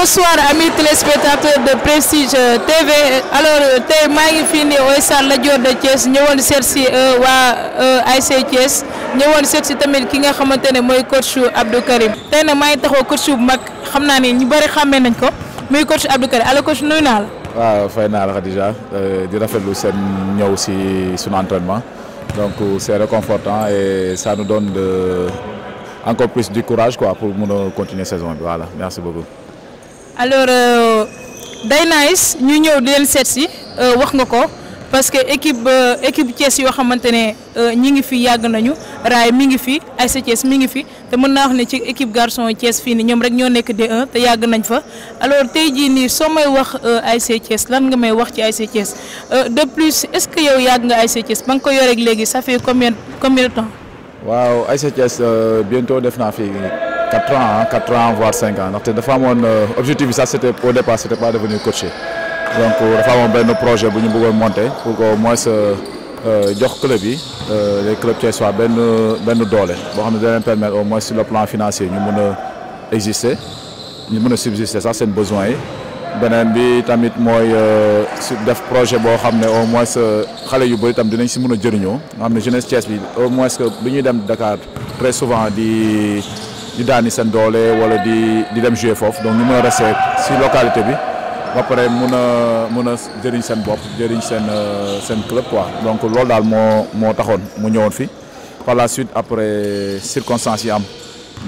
Bonsoir amis téléspectateurs de Prestige TV alors je suis ngi au de Thiès euh, euh, Thiès coach Abdou Karim coach coach Abdou Karim alors coach euh, entraînement donc c'est réconfortant et ça nous donne de encore plus du courage quoi pour continuer continuer saison voilà merci beaucoup alors euh, day nice ñu ñëw di leen seet si euh, parce que équipe euh, équipe Thiès yo xamantene ñi ngi fi yag nañu raay mi ngi fi ay Thiès mi ngi fi te mën naa wax ne ci équipe garçon Thiès fii nii ñoom rek ñoo nekk D1 te yag nañ fa alors tey jii nii soo may wax ay Thiès lan nga may wax ci ay Thiès de plus est-ce que yow yag nga ay Thiès ba nga ko yoreeg légui ça fait combien combien de temps. waaw ay Thiès bientôt def na fi. 4 ans, 4 hein, ans, voire 5 ans. Donc, mon euh, objectif, ça, c'était au départ, c'était pas devenir coaché. Donc, nous euh, avons ben, projet pour nous monter, pour qu'au moins ce euh, jox club yi les clubs thiessois benn ben, doole boo xam ne da leen permettre au moins sur le plan financier ñu mën a exister ñu mën a subsister sax seen besoins yi Benen bi tamit moy euh def projet bo xamné au moins xalé yu bari tam dinañ si mën a jëriñoo nga jeunesse Thiès bi au moins que lu dem Dakar très souvent di di daani seen doole wala di di dem jouer foofu donc ñu mën resté si localité bi ba pare mën a mën a jëriñ seen bopp jëriñ seen euh, seen club quoi donc loolu daal moo moo taxoon mu ñëwoon fi par la suite après circonstances yi am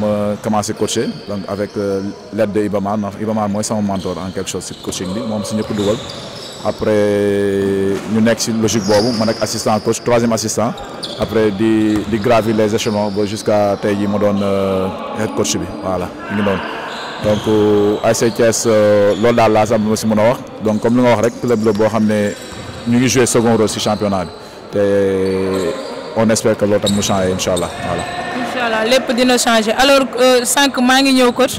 ma commencé coacher donc avec euh, l' aide de Ibama ndax Ibama mooy sama mentor en quelque chose si coaching bi moom si ñëpp dugal après ñu nekk ci logique Je mon assistant coach troisième assistant après di di gravir les échelons jusqu'à tey jii me donne euh, head coach bi voilà donc à euh, Thiès euh, loolu daal laa c'est mon wax donc comme nous avons wax rek club le bo xamné ñu second rôle ci championnat on espère que l'autre tam est changé Inch'Allah, voilà. incha lepp dina changé alors sank ma ngi ñew coach.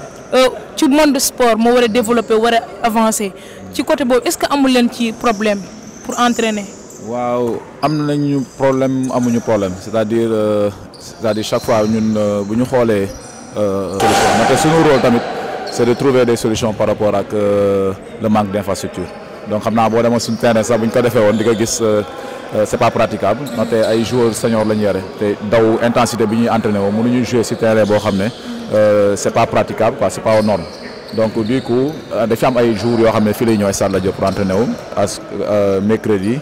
Tout euh, le monde sport mo wara développer wara avancer ci côté boobu est-ce que amul len ci problème pour entraîner. waaw am ñu problème amuñu problème c'est-à-dire euh, c'est-à-dire chaque fois ñun euh, buñu xolé euh solution Notre suñu rôle tamit c'est de trouver des solutions par rapport que le manque d'infrastructure donc xamna bo dama suñu terrain sax buñ ko défé won di ko gis c'est pas praticable ndaxte ay joueurs seniors lañ yéré té daw intensité bi ñuy entraîner woo mënuñu jouer ci terrain bo xamné ce euh, c'est pas praticable quoi c'est pas aux normes donc du coup euh, femmes ont ay jours il y ne lay pour entraîner euh, mercredi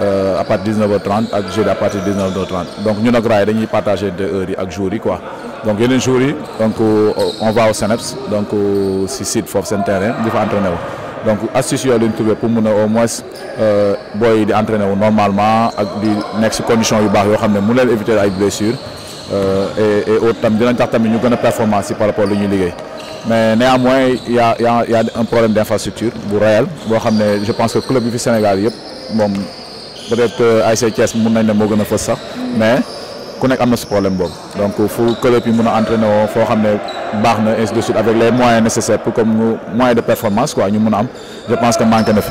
à partir de 19h30 à partir de 19h30 donc nous avons raay dañuy partager deux heures avec quoi donc yeneen jours donc on va au Seneps, donc si site pour s'entraîner terrain di entraîner donc astuce yooyu lañ pour mon au moins normalement les di conditions si condition yu éviter les blessures. Euh, et au autres temps dinañ tax tamit performance par rapport lu l'Union liggéey mais néanmoins il y a un problème d'infrastructure bu réel je pense que le club du Sénégal peut-être que euh, Thiès est un ne moo ça, mais il y a un problème donc il faut que le club entraîner woo foo ainsi de suite avec les moyens nécessaires pour que comme moyens de performance quoi je pense que manque na fi.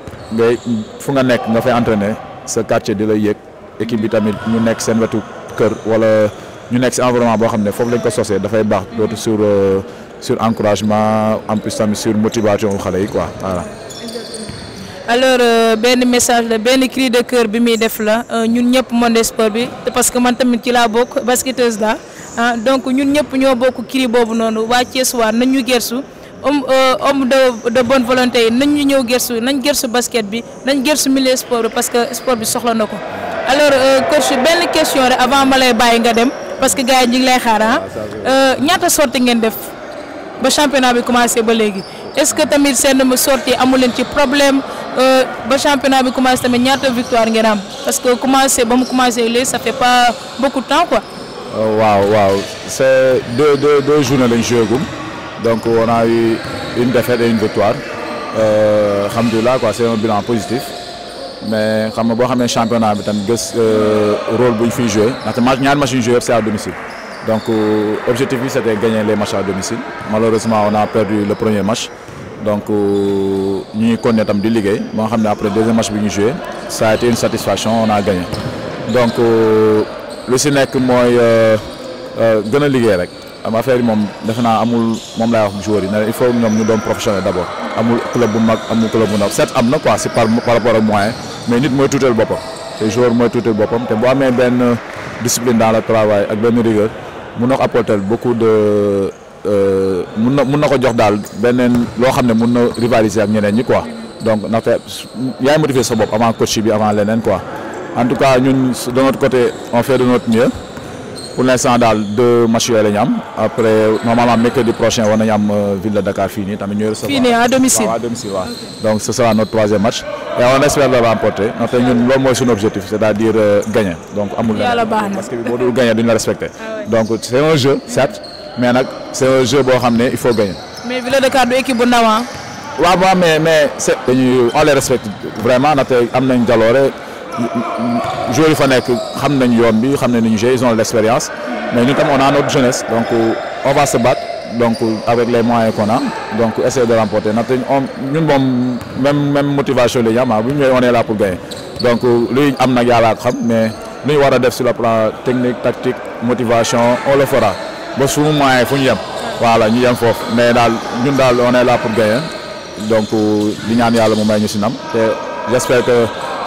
ngay fu nga nekk nga fay entraîner ce quartier de lay yëg équipe bi tamit ñu nekk seen wetu kër wala ñu nek ci environnement bo xamné fofu lañ ko sossé da fay bax dootu sur euh, sur encouragement en plus tamit sur motivation xale yi quoi voilà. alors ben message la ben cri de cœur bi mi def la euh, ñun ñëpp monde sport bi parce que man tamit ci la bok basketteuse la ah, donc ñun ñëpp ñoo bokk cri bobu nonu wa Thiès waa nañ ñu gersu euh, homme de de bonne volonté yi nañ ñu ñëw gëstu basket bi nañ gëstu milieu sport parce que sport bi soxla na ko alors euh, coach belle question avant ma lay nga parce que gars yi ñu ngi lay xaar ah, ah euh, ñaata sorti ngeen def ba championnat a commencé ba léegi est-ce que tamit seen sorti à leen ci problème ba championnat a commencé tamit ñaata victoire ngeen am parce que commencé ba mu commencé léegi ça fait pas beaucoup de temps quoi. waaw waaw c'est deux deux deux journées lañ joué donc on a eu une défaite et une victoire. Euh, c'est un bilan positif. Mais quand on eu le championnat, c'est un euh, rôle qu'il joué. jouer. match machines jouer, c'est à domicile. Donc l'objectif euh, c'était gagner les matchs à domicile. Malheureusement, on a perdu le premier match. Donc nous connaissons de ligue. Après le deuxième match que nous joué, ça a été une satisfaction, on a gagné. Donc euh, le Sénèque, moi, euh, euh, ligue am affaire yi moom defe naa amul moom laay wax joueurs yi ne il faut ñoom ñu doon professionnel d' amul club bu mag amul club bu ndaw certes am na quoi si par rapport ak moyen mais nit mooy tuutal boppam te joueur mooy tuutal boppam te boo amee benn discipline dans le travail ak benn rigueur mun na ko apporter beaucoup de euh, mun na mun na ko jox daal beneen loo xam ne mun na rivaliser ak ñeneen ñi quoi donc ndaxte yaay motiver sa bopp avant coach bi avant leneen quoi en tout cas ñun de pour l'instant daal deux matchs à après normalement mercredi prochain on a une ville de Dakar finie, à domicile donc ce sera notre troisième match. et on espère le remporter Notre ñun un objectif c'est-à-dire euh, gagner donc amul. le parce que gagner la respecter. Ah donc c'est un jeu certes mais c'est un jeu pour amener il faut gagner. mais ville de Dakar qui équipe bu Oui, hein. mais mais on les respecte vraiment Notre amener une galerie. Je yi fa nekk xam nañ bi xam nañ ils ont l'expérience mais nous on a notre jeunesse donc euh, on va se battre donc euh, avec les moyens qu'on a donc essayer de remporter on ñun même même motivation les Yamaha, on est là pour gagner donc euh, lui, am nag la xam mais nous, on va a sur le plan technique tactique motivation on le fera ba suñu moyens, fu voilà ñu yem foofu mais dans, ñun daal on est là pour gagner donc nous, ñaan yàlla mu may ñu j'espère que.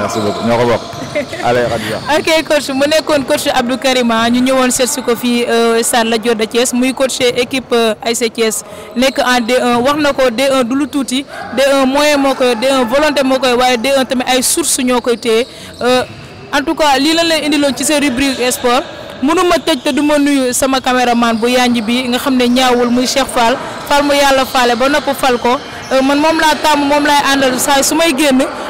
merci beaucoup ñoo ko bokk. allez Khadija. ok coach mu nekkoon coach Abdou Karima ah, ñu ñëwoon seet si ko fii euh, Stade Lat Dior de Thiès muy coach équipe euh, ASC Thiès nekk en D1 wax na ko D1 du lu tuuti D1 moyen moo koy D1 volonté moo koy waaye D1 tamit ay source ñoo koy téye euh, en tout cas lii lañ leen indiloon ci seen rubrique sport. mënuma tëj te du ma nuyu sama caméraman bu yanj bi nga xam ne ñaawul muy Cheikh Fall Fall mu yàlla faale ba nopp fal ko man moom laa tàmm moom laay àndal saa su may génn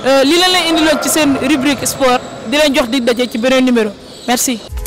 Euh, li leen lay indiloon ci seen rubrique sport di leen jox dig daje ci beneen numéro merci.